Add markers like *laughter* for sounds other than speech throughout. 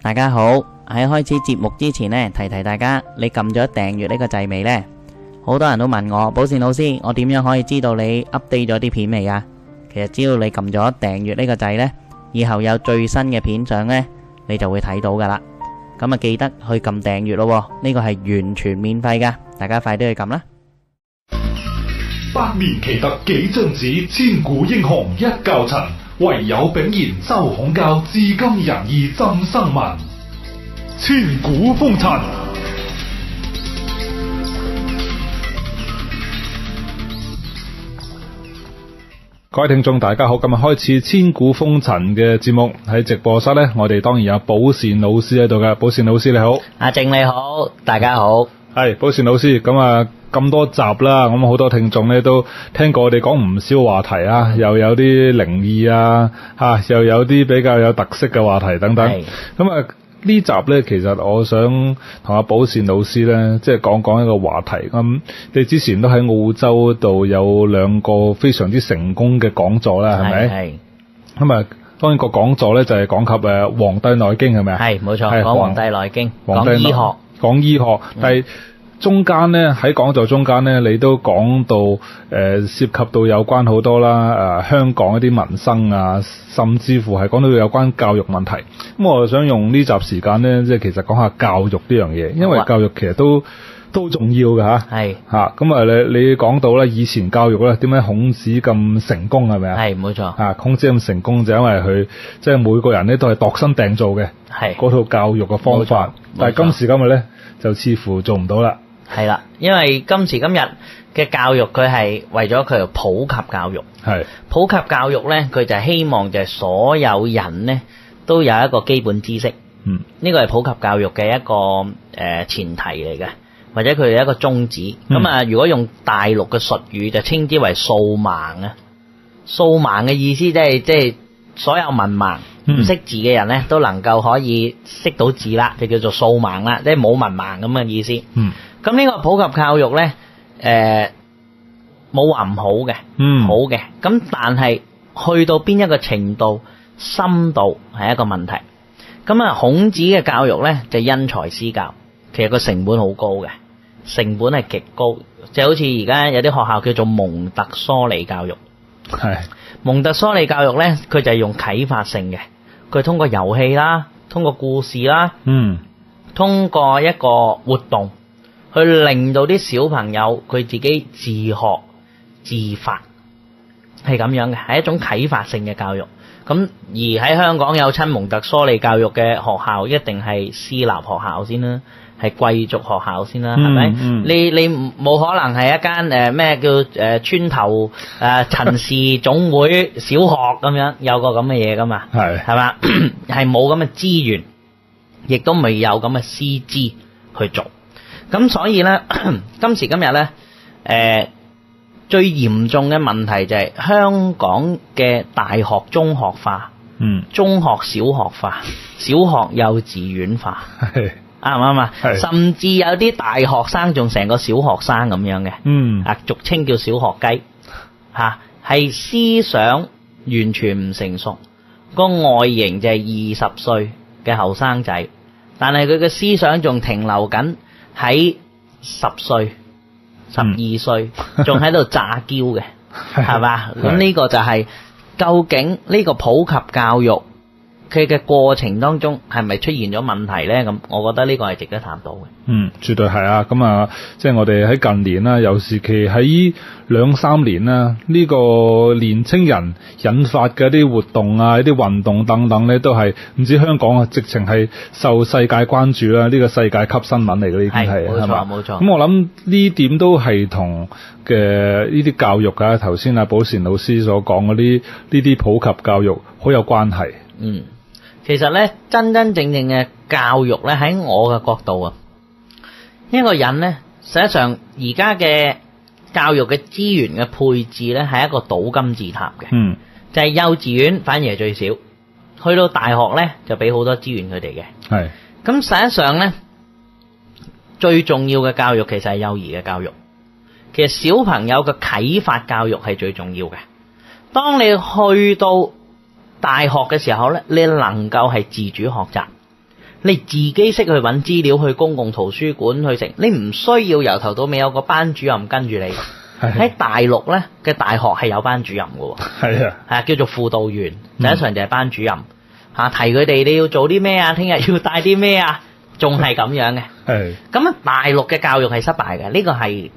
大家好，喺開始節目之前呢，提提大家，你撳咗訂閱呢個掣未呢？好多人都問我，寶善老師，我點樣可以知道你 update 咗啲片未啊？其實只要你撳咗訂閱呢個掣呢，以後有最新嘅片相呢，你就會睇到噶啦。咁啊，記得去撳訂閱咯，呢個係完全免費噶，大家快啲去撳啦。百年奇特幾張紙，千古英雄一窖塵。唯有炳然周孔教，至今仁義浸生民。千古風塵。各位聽眾大家好，今日開始千古風塵嘅節目喺直播室咧，我哋當然有寶善老師喺度嘅，寶善老師你好，阿、啊、正你好，大家好。係，寶善老師，咁啊咁多集啦，咁好多聽眾咧都聽過我哋講唔少話題啊，又有啲靈異啊，吓又有啲比較有特色嘅話題等等。咁啊呢集咧，其實我想同阿寶善老師咧，即係講一講一個話題。咁你之前都喺澳洲度有兩個非常之成功嘅講座啦，係咪？係。咁啊，當然個講座咧就係講及誒《黃帝內經》係咪啊？係，冇錯。講《黃帝內經》內經，講醫學。講醫學，但係中間呢，喺講座中間呢，你都講到誒、呃、涉及到有關好多啦、呃，香港一啲民生啊，甚至乎係講到有關教育問題。咁我就想用呢集時間呢，即係其實講下教育呢樣嘢，因為教育其實都都重要嘅吓，係吓咁啊！你你講到咧，以前教育咧點解孔子咁成功係咪啊？係冇錯啊！孔子咁成功就因為佢即係每個人咧都係度身訂造嘅，嗰套教育嘅方法。但係今時今日咧，就似乎做唔到啦。係啦，因為今時今日嘅教育佢係為咗佢普及教育，係普及教育咧，佢就係希望就係所有人咧都有一個基本知識。嗯，呢個係普及教育嘅一個誒前提嚟嘅。或者佢哋一個宗旨咁啊！如果用大陸嘅術語，就稱之為掃盲啊。掃盲嘅意思即係即係所有文盲唔識字嘅人咧，都能夠可以識到字啦，就叫做掃盲啦，即係冇文盲咁嘅意思。咁、嗯、呢個普及教育咧，冇話唔好嘅，嗯、好嘅。咁但係去到邊一個程度深度係一個問題。咁啊，孔子嘅教育咧就因材施教，其實個成本好高嘅。成本係極高，就好似而家有啲學校叫做蒙特梭利教育。係。蒙特梭利教育呢，佢就係用啟發性嘅，佢通過遊戲啦，通過故事啦，嗯，通過一個活動去令到啲小朋友佢自己自學自發，係咁樣嘅，係一種啟發性嘅教育。咁而喺香港有親蒙特梭利教育嘅學校，一定係私立學校先啦。係貴族學校先啦，係、嗯、咪、嗯？你你冇可能係一間誒咩叫誒、呃、村頭誒陳氏總會小學咁樣有個咁嘅嘢噶嘛？係係嘛？係冇咁嘅資源，亦都未有咁嘅師資去做。咁所以呢，今時今日呢，誒、呃、最嚴重嘅問題就係香港嘅大學中學化，嗯，中學小學化，小學幼稚園化。係啱唔啱啊？甚至有啲大學生仲成個小學生咁樣嘅，嗯，啊俗稱叫小學雞，吓、啊，係思想完全唔成熟，個外形就係二十歲嘅後生仔，但係佢嘅思想仲停留緊喺十歲、嗯、十二歲，仲喺度詐嬌嘅，係 *laughs* 嘛是吧？咁 *laughs* 呢個就係、是、究竟呢個普及教育？佢嘅過程當中係咪出現咗問題呢？咁我覺得呢個係值得探討嘅。嗯，絕對係啊！咁、嗯、啊，即係我哋喺近年啦，尤其期喺兩三年啦，呢、這個年青人引發嘅啲活動啊、一啲運動等等呢，都係唔止香港啊，直情係受世界關注啦、啊，呢、這個世界級新聞嚟嘅呢啲係啊，冇錯冇錯。咁我諗呢點都係同嘅呢啲教育啊，頭先阿寶善老師所講嗰啲呢啲普及教育好有關係。嗯。其實咧，真真正正嘅教育咧，喺我嘅角度啊，一個人呢，實際上而家嘅教育嘅資源嘅配置呢，係一個倒金字塔嘅，嗯，就係幼稚園反而係最少，去到大學呢，就俾好多資源佢哋嘅，係，咁實際上呢，最重要嘅教育其實係幼兒嘅教育，其實小朋友嘅啟發教育係最重要嘅，當你去到，大學嘅時候呢，你能夠係自主學習，你自己識去搵資料，去公共圖書館去成，你唔需要由頭到尾有個班主任跟住你。喺大陸呢，嘅大學係有班主任嘅，係啊，叫做輔導員，嗯、第一層就係班主任，吓提佢哋你要做啲咩啊，聽日要帶啲咩啊，仲係咁樣嘅。咁大陸嘅教育係失敗嘅，呢、呢個係 *coughs*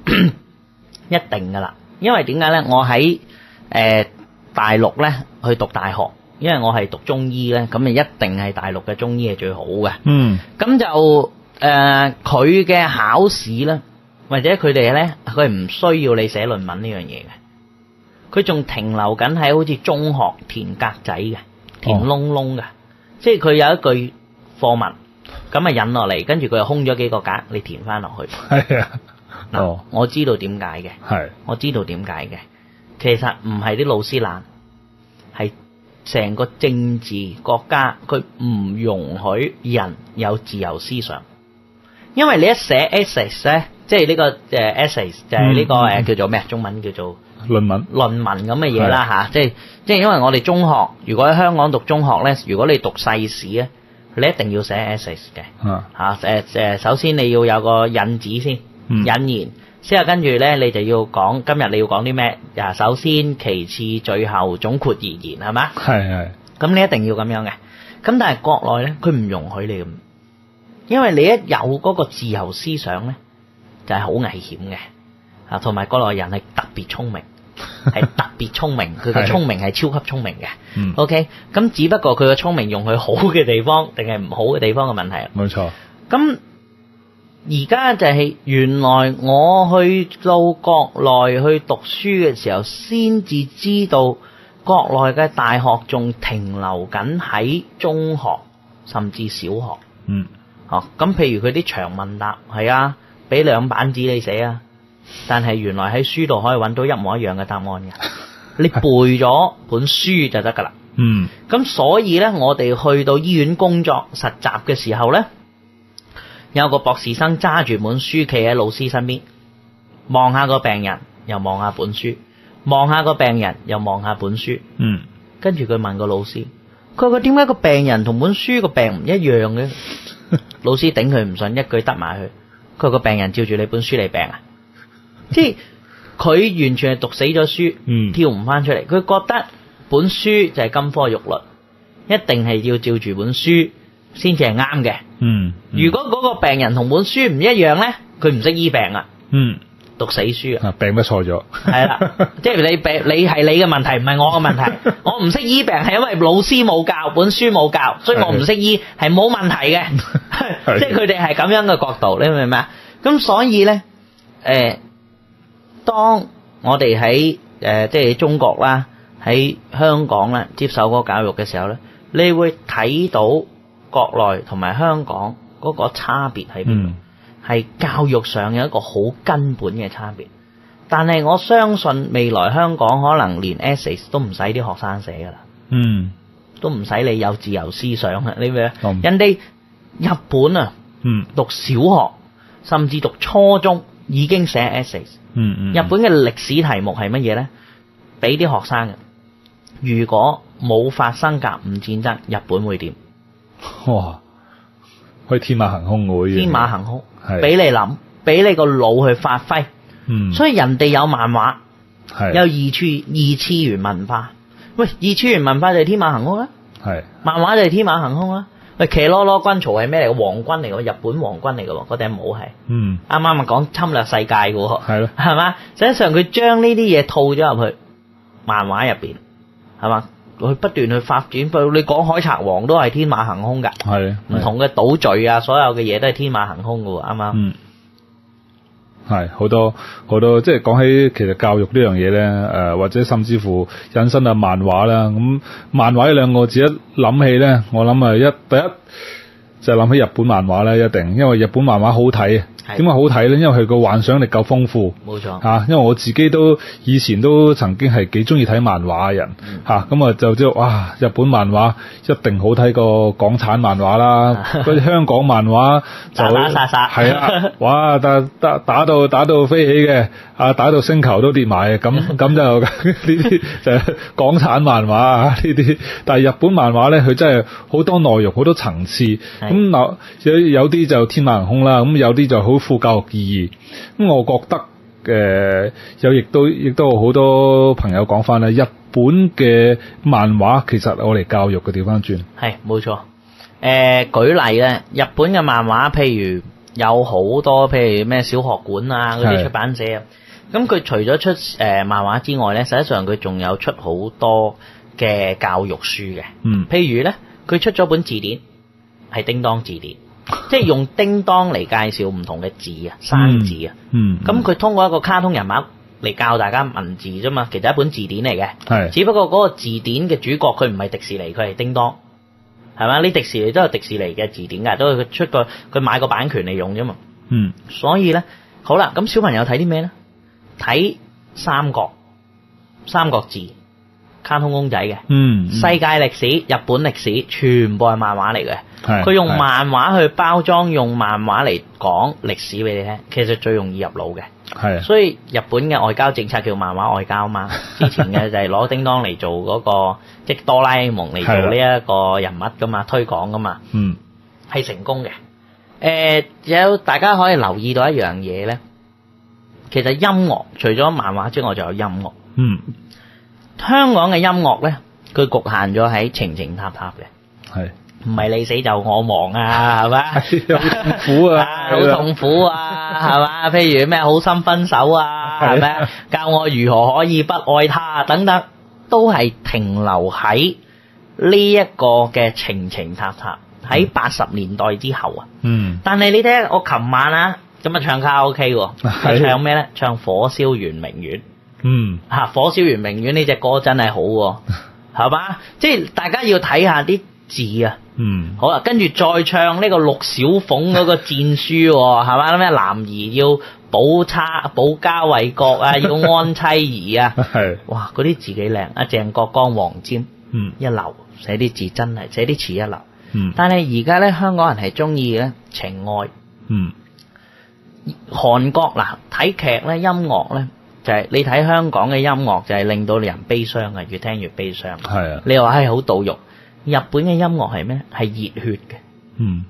一定噶啦。因為點解呢？我喺誒、呃、大陸呢，去讀大學。因為我係讀中醫呢，咁咪一定係大陸嘅中醫係最好嘅。嗯，咁就誒佢嘅考試呢，或者佢哋呢，佢唔需要你寫論文呢樣嘢嘅。佢仲停留緊喺好似中學填格仔嘅，填窿窿嘅，即係佢有一句課文，咁咪引落嚟，跟住佢又空咗幾個格，你填翻落去。係 *laughs* 啊， *laughs* 我知道點解嘅，係，我知道點解嘅，其實唔係啲老師懶。成個政治國家，佢唔容許人有自由思想，因為你一寫 essays 咧，即係呢個 essays 就係呢個叫做咩，中文叫做論文，論文咁嘅嘢啦嚇。即係即係因為我哋中學，如果喺香港讀中學咧，如果你讀世史咧，你一定要寫 essays 嘅嚇，首先你要有個引子先，引言。之後跟住咧，你就要講今日你要講啲咩？嗱，首先、其次、最後總括而言，係嘛？係係。咁你一定要咁樣嘅。咁但係國內咧，佢唔容許你咁，因為你一有嗰個自由思想咧，就係、是、好危險嘅。啊，同埋國內人係特， *laughs* 特別聰明，係特別聰明，佢嘅聰明係超級聰明嘅。OK，咁只不過佢嘅聰明用去好嘅地方，定係唔好嘅地方嘅問題啊？冇錯。咁。而家就係原來我去到國內去讀書嘅時候，先至知道國內嘅大學仲停留緊喺中學甚至小學。嗯，咁、啊、譬如佢啲長問答係啊，俾兩板紙你寫啊，但係原來喺書度可以揾到一模一樣嘅答案嘅， *laughs* 你背咗本書就得噶啦。嗯、咁、啊、所以呢，我哋去到醫院工作實習嘅時候呢。有個博士生揸住本書企喺老師身邊，望下個病人，又望下本書，望下個病人，又望下本，本書。嗯，跟住佢問個老師：佢話點解個病人同本書個病唔一樣嘅？ *laughs* 老師頂佢唔順，一句得埋佢。佢話個病人照住你本書嚟病啊，即係佢完全係讀死咗書，嗯、跳唔翻出嚟。佢覺得本書就係金科玉律，一定係要照住本書。先至係啱嘅。嗯，如果嗰個病人同本書唔一樣呢，佢唔識醫病啊。嗯，讀死書啊，病都錯咗。係啦，即係你病，你係你嘅問題，唔係我嘅問題。 *laughs* 我唔識醫病係因為老師冇教本書冇教，所以我唔識醫係冇問題嘅。即係佢哋係咁樣嘅角度，你明唔明啊？咁所以呢，誒，當我哋喺誒，即係中國啦，喺香港啦，接受嗰個教育嘅時候呢，你會睇到。國內同埋香港個差別喺邊度？嗯？係教育上有一個好根本嘅差別。但係我相信未來香港可能連 essay 都唔使啲學生寫噶啦。嗯，都唔使你有自由思想啦。你咩啊？嗯？人哋日本啊，嗯，讀小學，嗯，甚至讀初中已經寫 essay。嗯。嗯嗯。日本嘅歷史題目係乜嘢咧？俾啲學生嘅，如果冇發生甲午戰爭，日本會點？哇！去天馬行空嘅，天馬行空，係俾你諗，俾你個腦去發揮。嗯，所以人哋有漫畫，係有二次二次元文化。喂，二次元文化就係天馬行空啦，係漫畫就係天馬行空啦。喂，騎囉囉軍曹係咩嚟？皇軍嚟嘅，日本皇軍嚟嘅，嗰頂帽係。嗯，啱啱咪講侵略世界嘅，係咯，係嘛？實際上佢將呢啲嘢套咗入去漫畫入邊，係嘛？佢不斷去發展，佢你講海賊王都係天馬行空㗎，係唔同嘅島嶼啊，所有嘅嘢都係天馬行空㗎喎，啱嗎？嗯，係好多好多，即係講起其實教育呢樣嘢咧，誒或者甚至乎引申啊漫畫啦，咁漫畫呢兩個字一諗起咧，我諗啊一第一就諗起日本漫畫呢，一定，因為日本漫畫好睇。點解好睇咧？因為佢個幻想力夠豐富，冇錯嚇。因為我自己都以前都曾經係幾中意睇漫畫嘅人吓咁、嗯、啊咁我就知道哇！日本漫畫一定好睇過港產漫畫啦。嗰、啊、啲香港漫畫就打打殺殺係啊！哇！但得打,打到打到飛起嘅啊！打到星球都跌埋嘅咁咁就呢啲就係港產漫畫啊呢啲。但係日本漫畫咧，佢真係好多內容好多層次。咁嗱，有有啲就天馬行空啦，咁有啲就好。好富教育意義，咁我覺得誒、呃、有，亦都亦都好多朋友講翻啦。日本嘅漫畫，其實我哋教育嘅，調翻轉係冇錯。誒、呃、舉例咧，日本嘅漫畫，譬如有好多，譬如咩小學館啊嗰啲出版社，咁佢除咗出誒漫畫之外咧，實際上佢仲有出好多嘅教育書嘅。嗯，譬如咧，佢出咗本字典，係叮當字典。即係用叮噹嚟介紹唔同嘅字啊，生字啊，咁、嗯、佢、嗯、通過一個卡通人物嚟教大家文字啫嘛，其實一本字典嚟嘅，只不過嗰個字典嘅主角佢唔係迪士尼，佢係叮噹，係嘛？呢迪士尼都係迪士尼嘅字典噶，都係佢出個佢買個版權嚟用啫嘛。嗯，所以咧，好啦，咁小朋友睇啲咩咧？睇三國，三國志卡通公仔嘅、嗯嗯，世界歷史、日本歷史，全部係漫畫嚟嘅。佢用漫畫去包裝，用漫畫嚟講歷史俾你聽，其實最容易入腦嘅。係。所以日本嘅外交政策叫漫畫外交嘛。 *laughs* 之前嘅就係攞叮當嚟做嗰、嗰個，即哆啦 A 夢嚟做呢一個人物噶嘛，推廣噶嘛。係嗯。係成功嘅。有、呃、大家可以留意到一樣嘢呢，其實音樂除咗漫畫之外，仲有音樂。嗯。香港嘅音樂呢，佢局限咗喺情情塔塔嘅。唔係你死就我亡啊，係咪？痛苦啊，好痛苦啊，係嘛？ *laughs* 譬如咩好心分手啊，係咪？ *laughs* 教我如何可以不愛他啊等等，都係停留喺呢一個嘅情情塔塔。喺八十年代之後啊。嗯，但是。但係你睇下，我琴晚啊咁啊唱卡 O K 喎，唱咩呢？唱《火燒圓明園》。嗯、啊。嚇，《火燒圓明園》呢隻歌真係好喎、啊，係嘛？ *laughs* 即係大家要睇下啲字啊！嗯好，好啦，跟住再唱呢個陸小鳳嗰個戰書，哦，係 *laughs* 嘛？咩男兒要保差保家衛國啊，要安妻兒啊， *laughs* 哇！嗰啲字幾靚，阿鄭國江黃霑，嗯，一流，寫啲字真係，寫啲詞一流。嗯，但係而家咧，香港人係中意咧情愛。嗯韓國，韓國嗱睇劇咧，音樂咧就係、是、你睇香港嘅音樂就係令到人悲傷啊，越聽越悲傷。係啊，你話唉好墮欲。日本嘅音樂係咩？係熱血嘅，嗯，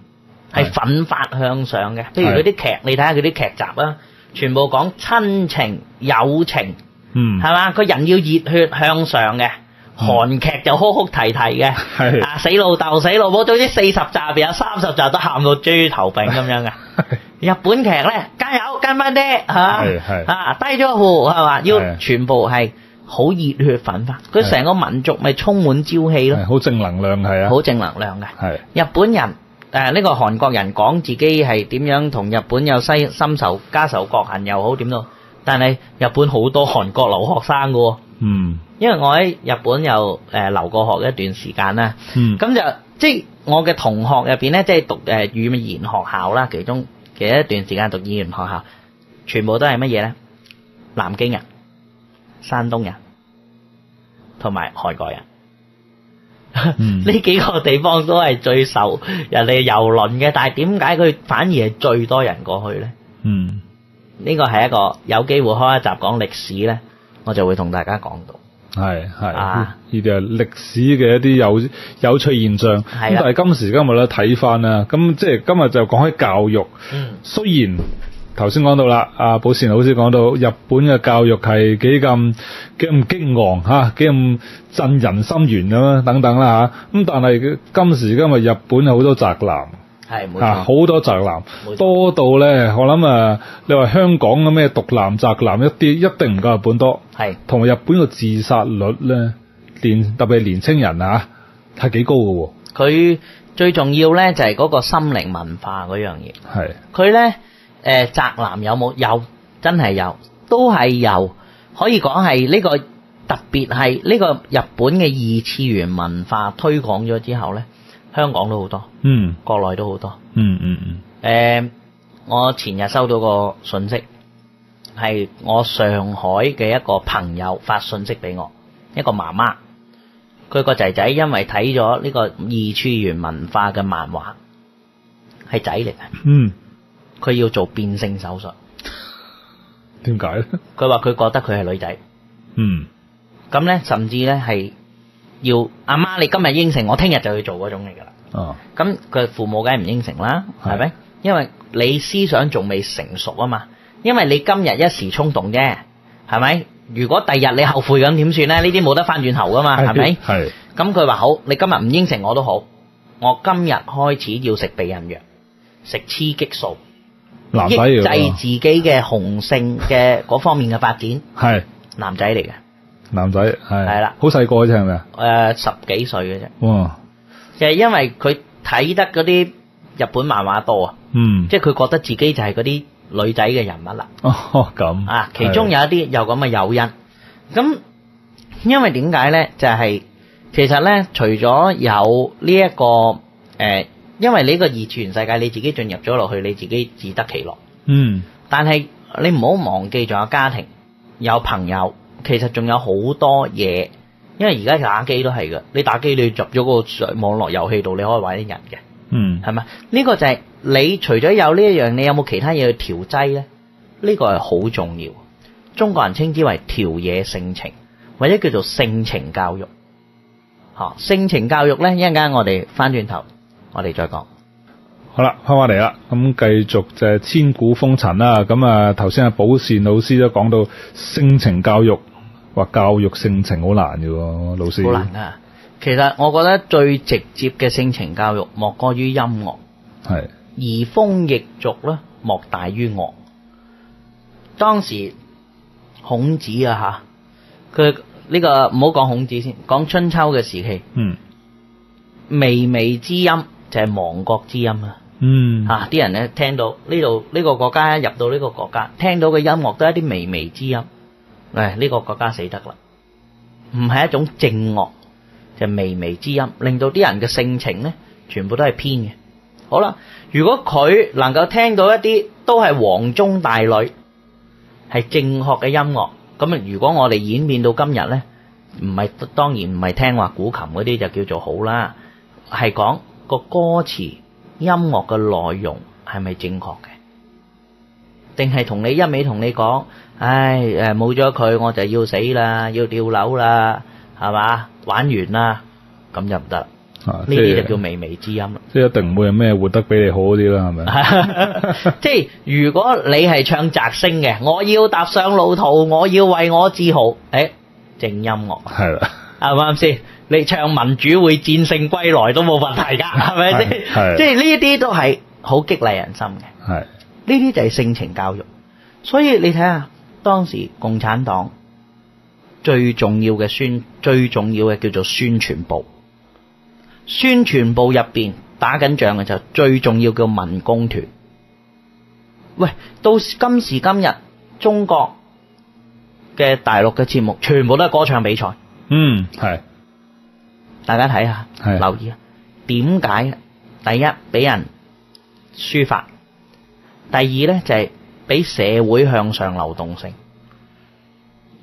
係奮發向上嘅。譬如嗰啲劇，你睇下佢啲劇集啦，全部講親情、友情，嗯，係嘛？個人要熱血向上嘅，韓劇就哭哭啼啼嘅，嗯，啊，死老豆、死老母，對啲四十集入邊有三十集都喊到豬頭餅咁樣㗎。日本劇咧，加油，跟翻啲係嘛，係係，啊低咗步係嘛，要全部係。好熱血奮發，佢成個民族咪充滿朝氣咯，好正能量係啊，好正能量嘅。日本人，誒、呃、呢、呢個韓國人講自己係點樣同日本有西深仇家仇國恨又好點都，但係日本好多韓國留學生嘅喎，嗯，因為我喺日本又留過學一段時間，嗯，咁就即係、就是、我嘅同學入面咧，即、就、係、是、讀語言學校啦，其中其實一段時間讀語言學校，全部都係乜嘢咧？南京人、山東人。同埋外國人呢、嗯、 *laughs* 幾個地方都係最受人哋遊輪嘅，但係點解佢反而係最多人過去呢？嗯，呢個係一個有機會開一集講歷史呢，我就會同大家講到係係啊。呢啲係歷史嘅一啲有有趣現象咁。但係今時今日咧，睇翻啦，咁即係今日就講起教育。嗯，雖然。頭先講到啦，阿、啊、寶善老師講到日本嘅教育係幾咁幾咁激昂，幾咁震人心弦咁啊，等等啦咁、啊、但係今時今日日本好多宅男係冇錯，好多宅男多到咧，我諗啊，你話香港嘅咩獨男宅男一啲一定唔夠日本多，係同埋日本嘅自殺率咧特別係年青人啊，係幾高嘅喎。佢最重要咧就係、是、嗰個心靈文化嗰樣嘢係佢咧。誒，宅男有冇有？真係有，都係有，可以講係呢個特別係呢個日本嘅二次元文化推廣咗之後呢，香港都好多，嗯，國內都好多，嗯嗯嗯。誒、嗯呃，我前日收到個信息，係我上海嘅一個朋友發信息俾我，一個媽媽，佢個仔仔因為睇咗呢個二次元文化嘅漫畫，係仔嚟嘅，嗯。佢要做變性手術，點解咧？佢話：佢覺得佢係女仔。嗯，咁咧，甚至咧係要阿媽，你今日應承我，聽日就去做嗰種嚟㗎啦。哦，咁佢父母梗係唔應承啦，係咪？因為你思想仲未成熟啊嘛，因為你今日一時衝動啫，係咪？如果第日你後悔咁點算咧？呢啲冇得翻轉頭㗎嘛，係咪？係。咁佢話：好，你今日唔應承我都好，我今日開始要食避孕藥，食雌激素。男仔抑制自己嘅雄性嘅嗰 *laughs* 方面嘅發展，係男仔嚟嘅，男仔係係啦，好細個係咪啊？誒、呃，十幾歲嘅啫，哇！就係因為佢睇得嗰啲日本漫畫多啊，嗯，即係佢覺得自己就係嗰啲女仔嘅人物啦，哦，咁啊，其中有一啲有咁嘅誘因，咁因為點解咧？就係、是、其實咧，除咗有呢、這、一個誒。呃因為呢個二次元世界你自己進入咗落去，你自己自得其樂。嗯，但係你唔好忘記，仲有家庭，有朋友，其實仲有好多嘢。因為而家打機都係㗎，你打機你要入咗個網絡遊戲度，你可以玩啲人嘅。嗯，係咪？呢個就係你除咗有呢一樣，你有冇其他嘢去調劑呢？呢個係好重要。中國人稱之為陶冶性情，或者叫做性情教育。吓，性情教育呢，一陣間我哋翻轉頭。我哋再講，好啦，翻返嚟啦，咁、嗯、繼續就係千古風塵啦。咁、嗯、啊，頭先啊，寶善老師都講到性情教育，話教育性情好難嘅喎，老師。好難啊！其實我覺得最直接嘅性情教育，莫過於音樂。係。移風易俗咧，莫大於樂。當時孔子啊，吓、這個，佢呢個唔好講孔子先，講春秋嘅時期。嗯。靡靡之音。就係亡國之音啊！嚇啲人咧，聽到呢度呢個國家，入到呢個國家，聽到嘅音樂都係一啲靡靡之音，誒呢個國家死得啦！唔係一種正樂，就靡靡之音，令到啲人嘅性情咧全部都係偏嘅。好啦，如果佢能夠聽到一啲都係黃鐘大呂，係正學嘅音樂，咁啊，如果我哋演變到今日咧，唔係當然唔係聽話古琴嗰啲就叫做好啦，係講。個歌詞、音樂嘅內容係咪正確嘅？定係同你一味同你講，唉，誒，冇咗佢我就要死啦，要跳樓啦，係嘛，玩完啦，咁就唔得。呢啲就叫靡靡之音，即係一定唔會有咩活得比你好嗰啲啦，係咪？ *laughs* *laughs* 即係如果你係唱雜聲嘅，我要踏上路途，我要為我自豪。誒、哎，正音樂係啦，啱唔啱先？ *laughs* 你唱民主會戰勝歸來都冇問題噶，係咪先？即係呢啲都係好激勵人心嘅。係呢啲就係性情教育。所以你睇下當時共產黨最重要嘅宣，最重要嘅叫做宣傳部。宣傳部入邊打緊仗嘅就最重要叫文工團。喂，到今時今日，中國嘅大陸嘅節目全部都係歌唱比賽。嗯，係。大家睇下，留意啊！點解？第一俾人抒發，第二呢就係、是、俾社會向上流動性。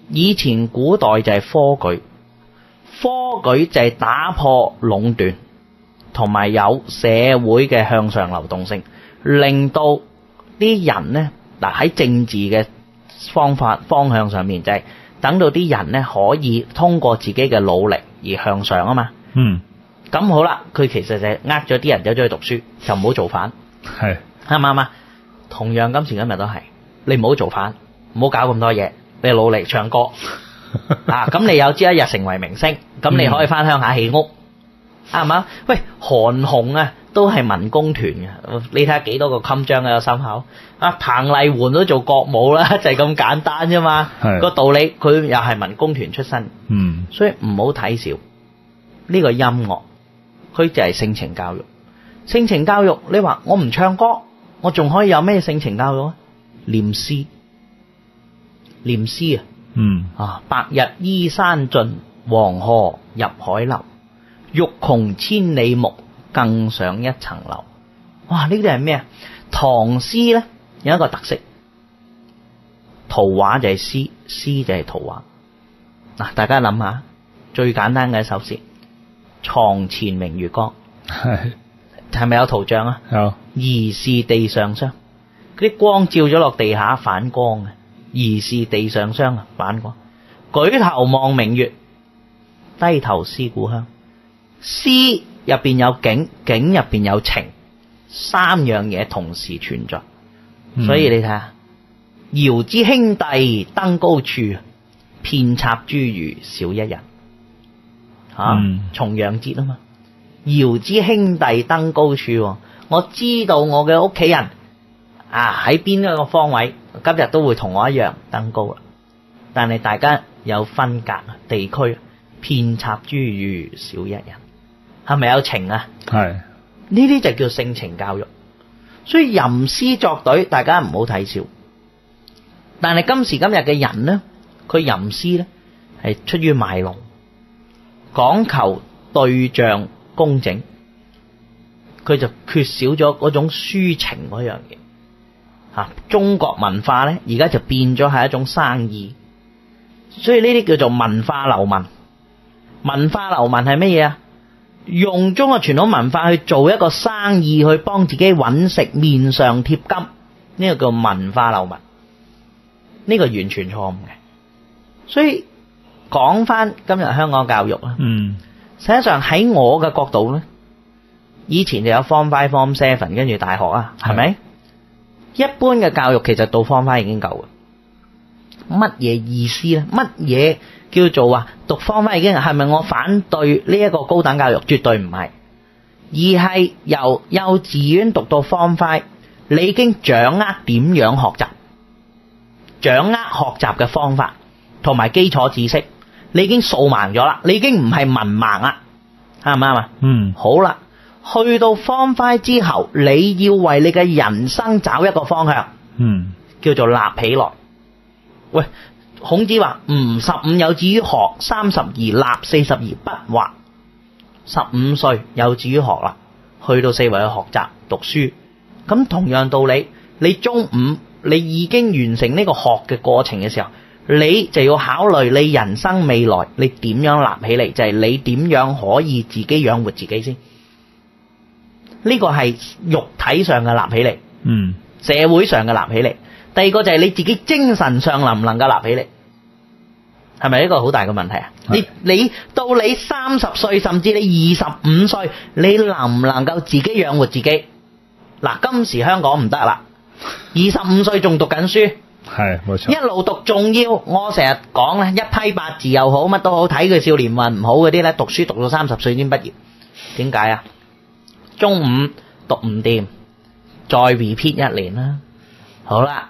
以前古代就係科舉，科舉就係打破壟斷，同埋有社會嘅向上流動性，令到啲人呢，嗱喺政治嘅方法方向上面，就係等到啲人呢，可以通過自己嘅努力。而向上啊嘛，嗯，咁好啦，佢其實就係呃咗啲人走咗去讀書，就唔好造反，係，啱唔啱啊？同樣今時今日都係，你唔好造反，唔好搞咁多嘢，你努力唱歌啊，咁你有朝一日成為明星，咁你可以返鄉下起屋，啱唔啱？喂，韓紅啊！都係文工團嘅，你睇下幾多個襟章啊，個心口啊，彭麗媛都做國母啦，就係、是、咁簡單啫嘛。個道理佢又係文工團出身，嗯、所以唔好睇小。呢、這個音樂，佢就係性情教育。性情教育，你話我唔唱歌，我仲可以有咩性情教育啊？念詩，念詩啊！嗯啊，白日依山盡，黃河入海流，欲窮千里目。更上一層樓。哇！呢啲係咩啊？唐詩咧有一個特色，圖畫就係詩，詩就係圖畫。嗱，大家諗下最簡單嘅一首詩：床前明月光，係 *laughs* 咪有圖像啊？有。疑是地上霜，嗰啲光照咗落地下反光嘅，疑是地上霜啊，反光。舉頭望明月，低頭思故鄉。詩。入邊有景，景入邊有情，三樣嘢同時存在。嗯、所以你睇下，遙知兄弟登高處，遍插茱萸少一人。吓、啊嗯，重陽節啊嘛，遙知兄弟登高處。我知道我嘅屋企人啊喺邊一個方位，今日都會同我一樣登高啊，但係大家有分隔地區，遍插茱萸少一人。係咪有情啊？係呢啲就叫性情教育，所以吟詩作對，大家唔好睇笑。但係今時今日嘅人呢，佢吟詩呢係出於賣弄，講求對象工整，佢就缺少咗嗰種抒情嗰樣嘢。吓，中國文化呢而家就變咗係一種生意，所以呢啲叫做文化流民。文化流民係乜嘢啊？用中國傳統文化去做一個生意，去幫自己揾食，面上貼金，呢、這個叫文化流民，呢、這個完全錯誤嘅。所以講翻今日香港教育，嗯，實際上喺我嘅角度呢，以前就有 Form Five、Form Seven，跟住大學啊，係咪？是的一般嘅教育其實到 Form Five 已經夠了。乜嘢意思咧？乜嘢叫做啊？讀方塊已經係咪？是是我反對呢一個高等教育，絕對唔係。而係由幼稚園讀到方塊，你已經掌握點樣學習，掌握學習嘅方法同埋基礎知識，你已經掃盲咗啦。你已經唔係文盲啦，啱唔啱啊？嗯，好啦，去到方塊之後，你要為你嘅人生找一個方向，嗯，叫做立起來。喂，孔子話：唔、嗯、十五有志于學，三十而立，四十而不惑。十五歲有志于學啦，去到四圍去學習讀書。咁同樣道理，你中五你已經完成呢個學嘅過程嘅時候，你就要考慮你人生未來，你點樣立起嚟？就係、是、你點樣可以自己養活自己先？呢、這個係肉體上嘅立起嚟，嗯，社會上嘅立起嚟。第二個就係你自己精神上能唔能夠立起嚟，係咪一個好大嘅問題啊？你你到你三十歲，甚至你二十五歲，你能唔能夠自己養活自己？嗱，今時香港唔得啦，二十五歲仲讀緊書，係冇錯，一路讀仲要。我成日講咧，一批八字又好，乜都好，睇佢少年運唔好嗰啲咧，讀書讀到三十歲先畢業，點解啊？中五讀唔掂，再 repeat 一年啦。好啦。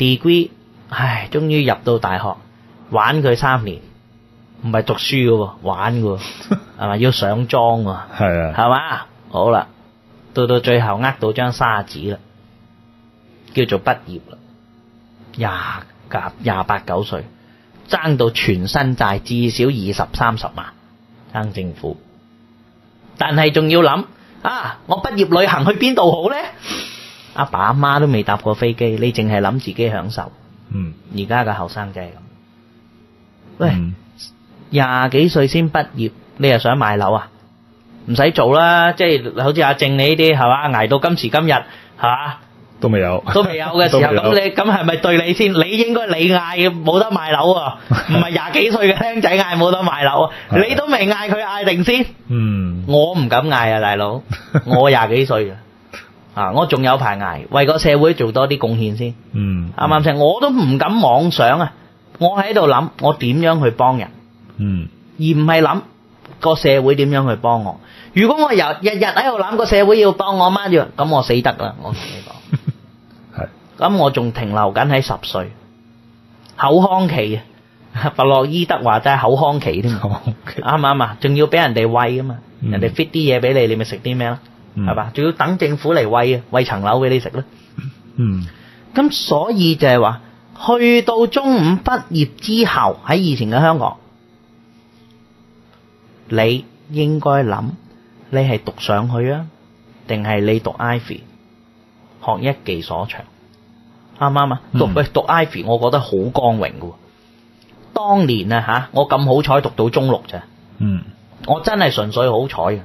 degree，唉，終於入到大學，玩佢三年，唔係讀書嘅，玩嘅，係 *laughs* 咪？要上莊啊，係啊，係嘛？好啦，到到最後呃到張沙紙啦，叫做畢業啦，廿幾廿八九歲，爭到全身債至少二十三十萬，爭政府，但係仲要諗啊，我畢業旅行去邊度好咧？阿爸阿媽都未搭過飛機，你淨係諗自己享受。嗯，而家嘅後生仔咁。喂，廿幾歲先畢業，你又想買樓啊？唔使做啦，即係好似阿靜你呢啲係嘛？挨到今時今日係嘛？都未有，都未有嘅時候，咁你咁係咪對你先？你應該你嗌冇得買樓啊？唔係廿幾歲嘅僆仔嗌冇得買樓啊？你都未嗌佢嗌定先。嗯，我唔敢嗌啊，大佬，我廿幾歲啊。啊！我仲有排挨，為個社會做多啲貢獻先，嗯，啱唔啱先？我都唔敢妄想啊！我喺度諗，我點樣去幫人，嗯，而唔係諗個社會點樣去幫我。如果我由日日喺度諗個社會要幫我乜嘢，咁我死得啦！我同你講，係，咁我仲停留緊喺十歲口腔期啊！弗洛伊德話齋口腔期添啊，啱唔啱啊？仲要俾人哋餵噶嘛？人哋 fit 啲嘢俾你，你咪食啲咩啦？係、嗯、吧，仲要等政府嚟餵啊，餵層樓俾你食咧。嗯，咁所以就係話，去到中五畢業之後，喺以前嘅香港，你應該諗，你係讀上去啊，定係你讀 Ivy，學一技所長，啱唔啱啊？讀讀 Ivy，我覺得好光榮噶。當年啊吓，我咁好彩讀到中六咋，嗯，我真係純粹好彩嘅。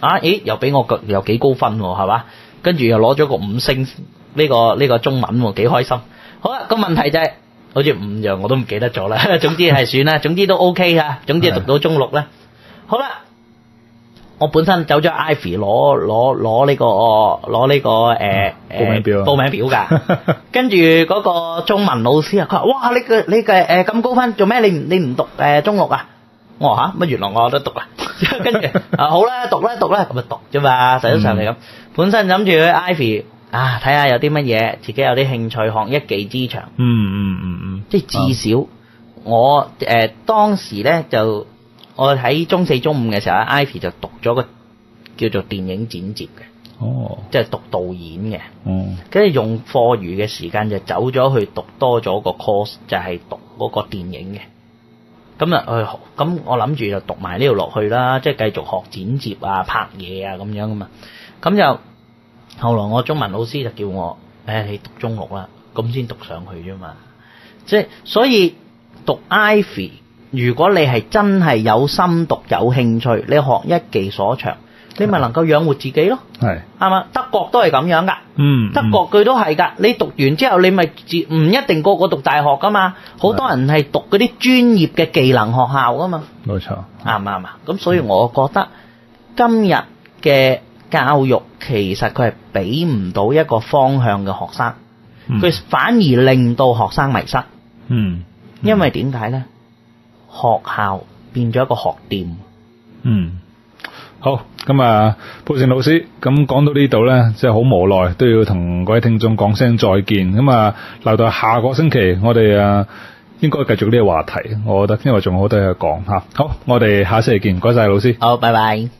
啊，咦，又俾我個又幾高分喎，係嘛？跟住又攞咗個五星呢、呢個呢、呢個中文喎，幾開心。好啦，個問題就係、係、好似五樣我都唔記得咗啦。總之係算啦， *laughs* 總之都 O K 吓，總之讀到中六啦。好啦，我本身走咗 ivy 攞攞攞呢個攞呢、哦呢個誒、呃嗯、報名表報名表噶。跟住嗰個中文老師啊，佢話：哇，你個你嘅誒咁高分做咩？你唔你唔讀誒中六啊？我話吓乜、啊、原來我都讀啊！ *laughs* 跟住啊好啦，讀啦讀啦，咁啊讀啫嘛，實質上嚟咁、嗯。本身諗住去 Ivy 啊，睇下有啲乜嘢，自己有啲興趣學一技之長。嗯嗯嗯嗯，即係至少我、呃、當時咧就我喺中四中五嘅時候，Ivy 就讀咗個叫做電影剪接嘅，哦，即係讀導演嘅，嗯跟住用課餘嘅時間就走咗去讀多咗個 course，就係讀嗰個電影嘅。咁、嗯、啊，咁我諗住就讀埋呢度落去啦，即係繼續學剪接啊、拍嘢啊咁樣噶嘛。咁就後來我中文老師就叫我，誒、哎、你讀中六啦，咁先讀上去啫嘛。即係所以讀 IVE，如果你係真係有心讀、有興趣，你學一技所長。你咪能夠養活自己咯，係啱嘛？德國都係咁樣噶，德國佢都係噶。你讀完之後，你咪唔一定個個讀大學噶嘛，好多人係讀嗰啲專業嘅技能學校噶嘛。冇錯，啱唔啱啊？咁所以我覺得今日嘅教育其實佢係俾唔到一個方向嘅學生，佢反而令到學生迷失。嗯，因為點解呢？學校變咗一個學店。嗯，好。咁、嗯、啊，寶善老師，咁講到呢度咧，即係好無奈，都要同各位聽眾講聲再見，咁、嗯、啊，留到下個星期，我哋啊應該繼續呢個話題，我覺得因為仲有好多嘢講吓，好，我哋下星期見，唔該曬老師，好，拜拜。